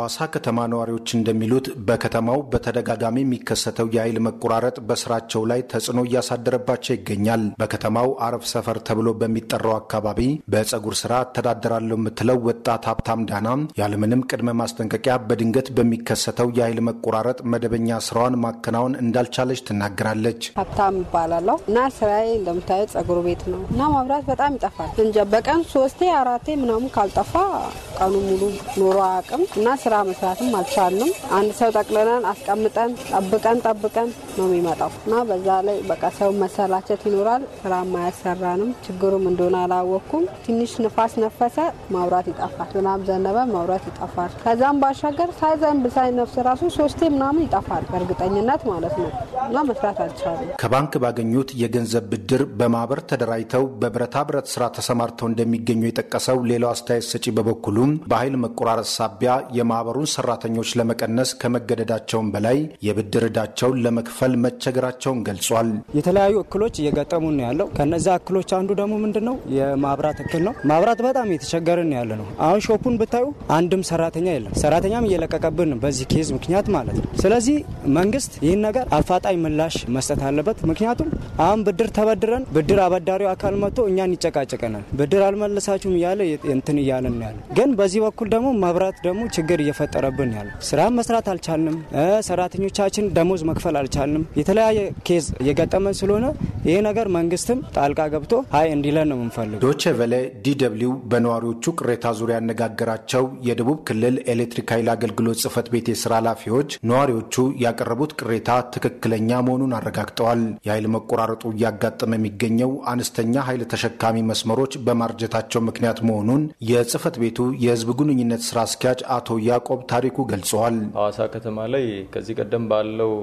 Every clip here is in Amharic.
ሐዋሳ ከተማ ነዋሪዎች እንደሚሉት በከተማው በተደጋጋሚ የሚከሰተው የኃይል መቆራረጥ በስራቸው ላይ ተጽዕኖ እያሳደረባቸው ይገኛል። በከተማው አረብ ሰፈር ተብሎ በሚጠራው አካባቢ በፀጉር ስራ እተዳደራለሁ የምትለው ወጣት ሀብታም ዳና ያለምንም ቅድመ ማስጠንቀቂያ በድንገት በሚከሰተው የኃይል መቆራረጥ መደበኛ ስራዋን ማከናወን እንዳልቻለች ትናገራለች። ሀብታም ይባላለሁ እና ስራዬ እንደምታየ ፀጉር ቤት ነው እና መብራት በጣም ይጠፋል። እንጃ በቀን ሶስቴ አራቴ ምናምን ካልጠፋ ቀኑ ሙሉ ኖሮ አቅም እና ስራ መስራትም አልቻልንም። አንድ ሰው ጠቅልለን አስቀምጠን ጠብቀን ጠብቀን ነው የሚመጣው እና በዛ ላይ በቃ ሰው መሰላቸት ይኖራል። ስራ ማያሰራንም ችግሩም እንደሆነ አላወቅኩም። ትንሽ ንፋስ ነፈሰ፣ ማውራት ይጠፋል። ዝናብ ዘነበ፣ ማውራት ይጠፋል። ከዛም ባሻገር ሳይዘንብ ሳይነፍስ ራሱ ሶስቴ ምናምን ይጠፋል በእርግጠኝነት ማለት ነው እና መስራት አልቻልንም። ከባንክ ባገኙት የገንዘብ ብድር በማህበር ተደራጅተው በብረታ ብረት ስራ ተሰማርተው እንደሚገኙ የጠቀሰው ሌላው አስተያየት ሰጪ በበኩሉም በኃይል መቆራረጥ ሳቢያ የማ የማህበሩን ሰራተኞች ለመቀነስ ከመገደዳቸውን በላይ የብድር ዕዳቸውን ለመክፈል መቸገራቸውን ገልጿል። የተለያዩ እክሎች እየገጠሙ ነው ያለው። ከነዚ እክሎች አንዱ ደግሞ ምንድን ነው? የማብራት እክል ነው። ማብራት በጣም የተቸገርን ያለ ነው። አሁን ሾፑን ብታዩ አንድም ሰራተኛ የለም። ሰራተኛም እየለቀቀብን በዚህ ኬዝ ምክንያት ማለት ነው። ስለዚህ መንግስት ይህን ነገር አፋጣኝ ምላሽ መስጠት አለበት። ምክንያቱም አሁን ብድር ተበድረን ብድር አበዳሪው አካል መጥቶ እኛን ይጨቃጨቀናል። ብድር አልመለሳችሁም እያለ እንትን እያለን ያለ ግን በዚህ በኩል ደግሞ መብራት ደግሞ ችግር ችግር እየፈጠረብን ያለ ስራ መስራት አልቻልንም። ሰራተኞቻችን ደሞዝ መክፈል አልቻልንም። የተለያየ ኬዝ እየገጠመን ስለሆነ ይህ ነገር መንግስትም ጣልቃ ገብቶ ሀይ እንዲለን ነው የምንፈልገው። ዶቼ ቬለ ዲደብሊው በነዋሪዎቹ ቅሬታ ዙሪያ ያነጋገራቸው የደቡብ ክልል ኤሌክትሪክ ኃይል አገልግሎት ጽህፈት ቤት የስራ ኃላፊዎች ነዋሪዎቹ ያቀረቡት ቅሬታ ትክክለኛ መሆኑን አረጋግጠዋል። የኃይል መቆራረጡ እያጋጠመ የሚገኘው አነስተኛ ኃይል ተሸካሚ መስመሮች በማርጀታቸው ምክንያት መሆኑን የጽህፈት ቤቱ የህዝብ ግንኙነት ስራ አስኪያጅ አቶ ያዕቆብ ታሪኩ ገልጸዋል። ሐዋሳ ከተማ ላይ ከዚህ ቀደም ባለው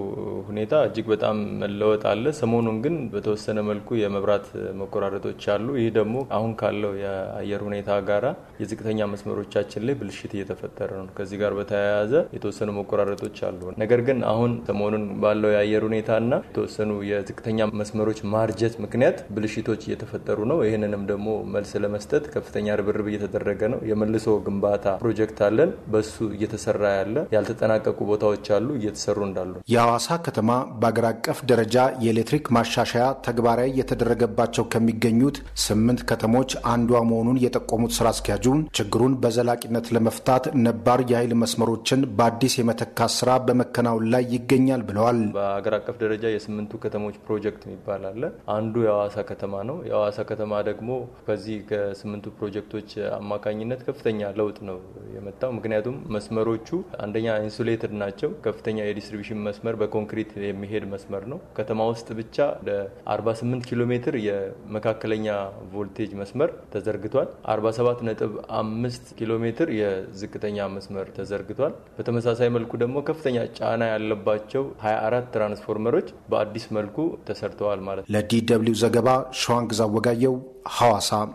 ሁኔታ እጅግ በጣም መለወጥ አለ። ሰሞኑን ግን በተወሰነ መልኩ የመብራት መቆራረጦች አሉ። ይህ ደግሞ አሁን ካለው የአየር ሁኔታ ጋራ የዝቅተኛ መስመሮቻችን ላይ ብልሽት እየተፈጠረ ነው። ከዚህ ጋር በተያያዘ የተወሰኑ መቆራረጦች አሉ። ነገር ግን አሁን ሰሞኑን ባለው የአየር ሁኔታና የተወሰኑ የዝቅተኛ መስመሮች ማርጀት ምክንያት ብልሽቶች እየተፈጠሩ ነው። ይህንንም ደግሞ መልስ ለመስጠት ከፍተኛ ርብርብ እየተደረገ ነው። የመልሶ ግንባታ ፕሮጀክት አለን። በሱ እየተሰራ ያለ ያልተጠናቀቁ ቦታዎች አሉ፣ እየተሰሩ እንዳሉ የሐዋሳ ከተማ በአገር አቀፍ ደረጃ የኤሌክትሪክ ማሻሻያ ተግባራዊ እየተደረገባቸው ከሚገኙት ስምንት ከተሞች አንዷ መሆኑን የጠቆሙት ስራ አስኪያጁ ችግሩን በዘላቂነት ለመፍታት ነባር የኃይል መስመሮችን በአዲስ የመተካት ስራ በመከናወን ላይ ይገኛል ብለዋል። በአገር አቀፍ ደረጃ የስምንቱ ከተሞች ፕሮጀክት የሚባል አለ። አንዱ የአዋሳ ከተማ ነው። የአዋሳ ከተማ ደግሞ በዚህ ከስምንቱ ፕሮጀክቶች አማካኝነት ከፍተኛ ለውጥ ነው የመጣው። ምክንያቱም መስመሮቹ አንደኛ ኢንሱሌትድ ናቸው። ከፍተኛ የዲስትሪቢሽን መስመር በኮንክሪት የሚሄድ መስመር ነው። ከተማ ውስጥ ብቻ ወደ 48 ኪሎ ሜትር የመካከለኛ ቮልቴጅ መስመር ተዘርግቷል። 47.5 ኪሎ ሜትር የዝቅተኛ መስመር ተዘርግቷል። በተመሳሳይ መልኩ ደግሞ ከፍተኛ ጫና ያለባቸው 24 ትራንስፎርመሮች በአዲስ መልኩ ተሰርተዋል ማለት ነው። ለዲ ደብልዩ ዘገባ ሸዋንግዛ ወጋየው ሐዋሳ